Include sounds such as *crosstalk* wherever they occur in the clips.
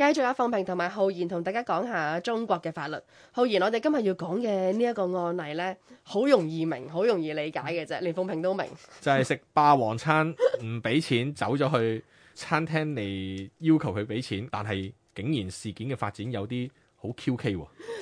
繼續，阿鳳萍同埋浩然同大家講下中國嘅法律。浩然，我哋今日要講嘅呢一個案例呢，好容易明，好容易理解嘅啫，連鳳萍都明。就係食霸王餐唔俾錢走咗去，餐廳嚟要求佢俾錢，但係竟然事件嘅發展有啲。好 QK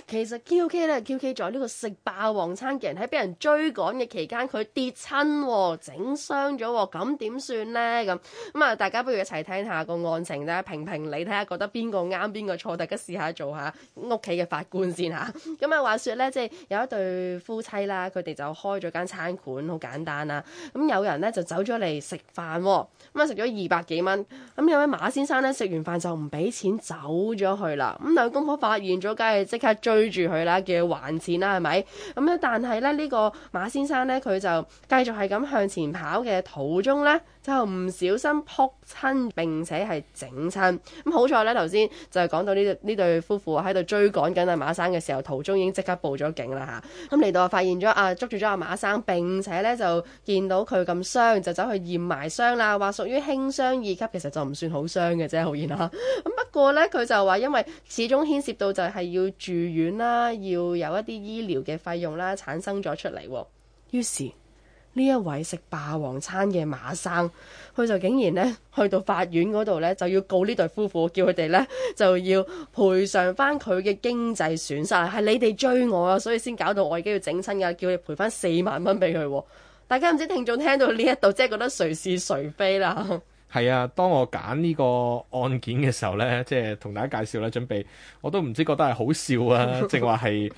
其實 QK 咧，QK 在呢個食霸王餐嘅人喺俾人追趕嘅期間，佢跌親，整傷咗，咁點算呢？咁咁啊，大家不如一齊聽下個案情啦，評評理，睇下覺得邊個啱，邊個錯，大家試下做下屋企嘅法官先嚇。咁啊，話說咧，即係有一對夫妻啦，佢哋就開咗間餐館，好簡單啦。咁有人咧就走咗嚟食飯，咁啊食咗二百幾蚊。咁有位馬先生咧食完飯就唔俾錢走咗去啦。咁兩公婆發現。見咗梗係即刻追住佢啦，叫佢還錢啦，係咪？咁咧，但係咧呢、這個馬先生咧，佢就繼續係咁向前跑嘅途中咧，就唔小心撲親，並且係整親。咁、嗯、好在咧，頭先就係講到呢呢對夫婦喺度追趕緊阿馬生嘅時候，途中已經即刻報咗警啦吓。咁、嗯、嚟到啊，發現咗啊捉住咗阿馬生，並且咧就見到佢咁傷，就走去驗埋傷啦。話屬於輕傷二級，其實就唔算好傷嘅啫，浩然啦。嗯過咧，佢就話因為始終牽涉到就係要住院啦，要有一啲醫療嘅費用啦產生咗出嚟，於是呢一位食霸王餐嘅馬生，佢就竟然咧去到法院嗰度咧就要告呢對夫婦，叫佢哋咧就要賠償翻佢嘅經濟損失。係你哋追我啊，所以先搞到我已經要整親噶叫你賠翻四萬蚊俾佢。大家唔知聽眾聽到呢一度，即係覺得誰是誰非啦。係啊，當我揀呢個案件嘅時候呢，即係同大家介紹咧，準備我都唔知覺得係好笑啊， *laughs* 正話係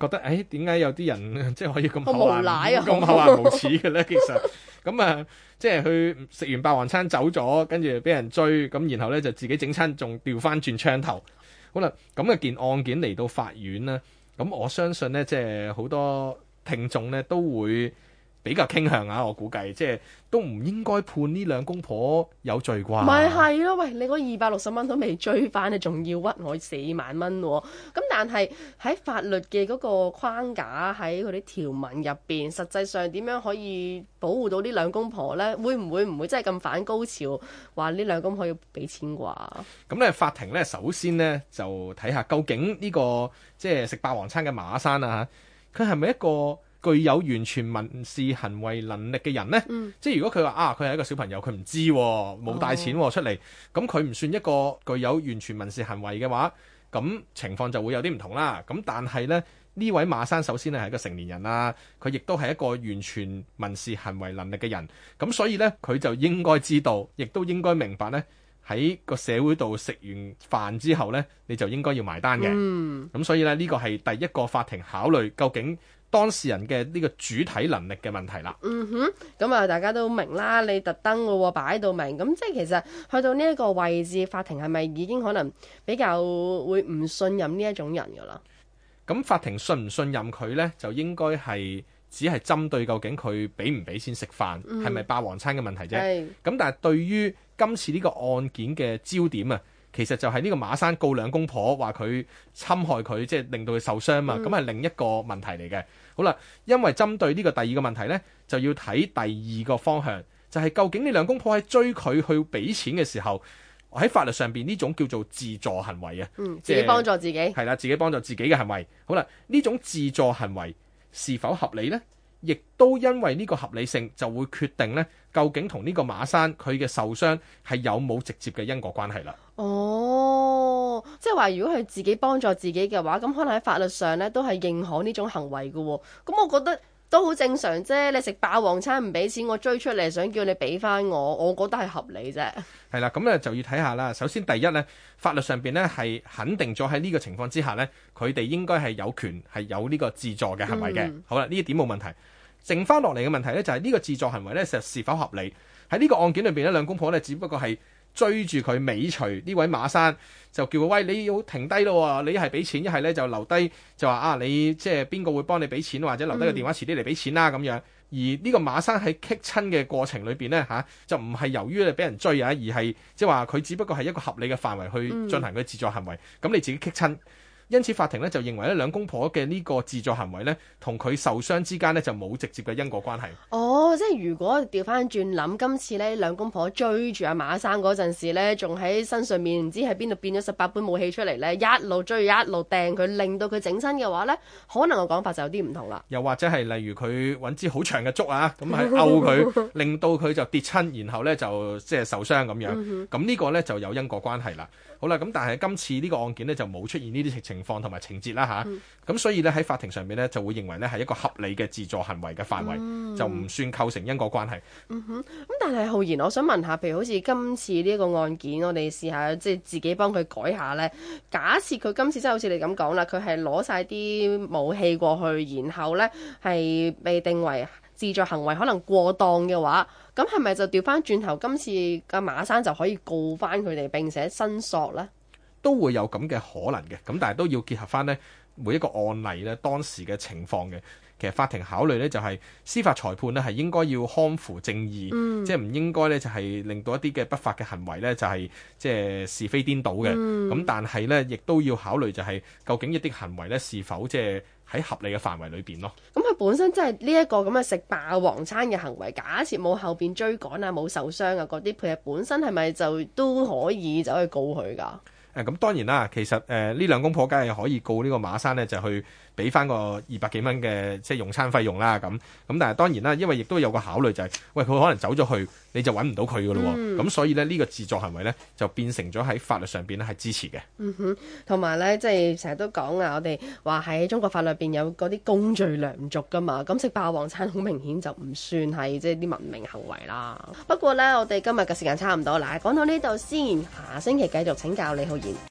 覺得，哎，點解有啲人即係可以咁無賴，咁厚顏無恥嘅呢？ *laughs* 其實咁啊，即係佢食完霸王餐走咗，跟住俾人追，咁然後呢就自己整親，仲掉翻轉槍頭，好啦，咁嘅件案件嚟到法院啦，咁我相信呢，即係好多聽眾呢都會。比較傾向啊，我估計即係都唔應該判呢兩公婆有罪啩。咪係咯，喂，你嗰二百六十蚊都未追返，你仲要屈我四萬蚊喎、啊。咁但係喺法律嘅嗰個框架喺佢啲條文入邊，實際上點樣可以保護到呢兩公婆呢？會唔會唔會真係咁反高潮，話呢兩公婆要俾錢啩？咁呢法庭呢，首先呢就睇下究竟呢、呢個即係食霸王餐嘅馬生啊，佢係咪一個？具有完全民事行為能力嘅人呢，嗯、即係如果佢話啊，佢係一個小朋友，佢唔知冇帶錢出嚟，咁佢唔算一個具有完全民事行為嘅話，咁情況就會有啲唔同啦。咁但係呢，呢位馬生首先係係一個成年人啊，佢亦都係一個完全民事行為能力嘅人，咁所以呢，佢就應該知道，亦都應該明白呢，喺個社會度食完飯之後呢，你就應該要埋單嘅。咁、嗯、所以呢，呢個係第一個法庭考慮究竟。當事人嘅呢個主體能力嘅問題啦。嗯哼，咁啊，大家都明啦，你特登嘅喎擺到明，咁即係其實去到呢一個位置，法庭係咪已經可能比較會唔信任呢一種人㗎啦？咁法庭信唔信任佢呢？就應該係只係針對究竟佢俾唔俾先食飯，係咪、嗯、霸王餐嘅問題啫。咁是但係對於今次呢個案件嘅焦點啊。其實就係呢個馬山告兩公婆，話佢侵害佢，即係令到佢受傷嘛，咁係，嗯，另一個問題嚟嘅。好啦，因為針對呢個第二個問題呢，就要睇第二個方向，就係究竟你兩公婆喺追佢去俾錢嘅時候，喺法律上邊呢種叫做自助行為啊，嗯，即，自己幫助自己，係啦，自己幫助自己嘅行為。好啦，呢種自助行為是否合理呢？亦都因為呢個合理性，就會決定咧究竟同呢個馬山佢嘅受傷係有冇直接嘅因果關係啦。哦，即係話如果佢自己幫助自己嘅話，咁可能喺法律上咧都係認可呢種行為嘅，哦。咁我覺得，都好正常啫，你食霸王餐唔俾錢，我追出嚟想叫你俾翻我，我覺得係合理啫。係啦，咁咧就要睇下啦。首先，第一呢，法律上邊呢係肯定咗喺呢個情況之下呢，佢哋應該係有權係有呢個自助嘅行為嘅。嗯、好啦，呢一點冇問題。剩翻落嚟嘅問題呢，就係呢個自助行為呢，實是否合理？喺呢個案件裏邊呢，兩公婆呢，只不過係。追住佢尾隨呢位馬生，就叫佢喂，你要停低咯喎，你係俾錢一係呢，就留低就話啊，你即係邊個會幫你俾錢或者留低個電話，遲啲嚟俾錢啦咁樣。而呢個馬生喺棘親嘅過程裏邊呢，嚇、啊，就唔係由於你俾人追啊，而係即係話佢只不過係一個合理嘅範圍去進行佢自助行為，咁、嗯、你自己棘親。因此法庭咧就認為咧兩公婆嘅呢個自助行為咧同佢受傷之間咧就冇直接嘅因果關係。哦，即係如果調翻轉諗今次咧兩公婆追住阿、啊、馬生嗰陣時咧，仲喺身上面唔知喺邊度變咗十八般武器出嚟咧，一路追一路掟佢，令到佢整身嘅話咧，可能個講法就有啲唔同啦。又或者係例如佢揾支好長嘅竹啊，咁係勾佢， *laughs* 令到佢就跌親，然後咧就即係受傷咁樣咁、嗯、哼呢個咧就有因果關係啦。好啦，咁但係今次呢個案件咧就冇出現呢啲情。情況同埋情節啦吓，咁、啊、所以咧喺法庭上面咧就會認為咧係一個合理嘅自助行為嘅範圍，嗯、就唔算構成因果關係。嗯哼，咁但係浩然，我想問下，譬如好似今次呢個案件，我哋試下即係自己幫佢改下咧。假設佢今次真係好似你咁講啦，佢係攞晒啲武器過去，然後咧係被定為自助行為可能過當嘅話，咁係咪就調翻轉頭？今次嘅馬生就可以告翻佢哋，並且申索咧？都會有咁嘅可能嘅，咁但係都要結合翻呢，每一個案例呢，當時嘅情況嘅。其實法庭考慮呢，就係司法裁判呢，係應該要匡扶正義，即係唔應該呢，就係令到一啲嘅不法嘅行為呢，就係即係是非顛倒嘅。咁、嗯、但係呢，亦都要考慮就係究竟一啲行為呢，是否即係喺合理嘅範圍裏邊咯。咁佢本身即係呢一個咁嘅食霸王餐嘅行為，假設冇後邊追趕啊，冇受傷啊嗰啲，其實本身係咪就都可以走去告佢噶？咁、嗯、當然啦，其實誒呢、呃、兩公婆梗係可以告呢個馬山咧，就去。俾翻個二百幾蚊嘅即係用餐費用啦，咁咁但係當然啦，因為亦都有個考慮就係、是，喂佢可能走咗去，你就揾唔到佢噶咯，咁、嗯、所以呢，呢、呢個自助行為呢，就變成咗喺法律上邊呢係支持嘅。嗯哼，同埋呢，即係成日都講啊，我哋話喺中國法律邊有嗰啲公序良俗㗎嘛，咁食霸王餐好明顯就唔算係即係啲文明行為啦。不過呢，我哋今日嘅時間差唔多啦，講到呢度先，下星期繼續請教李浩然。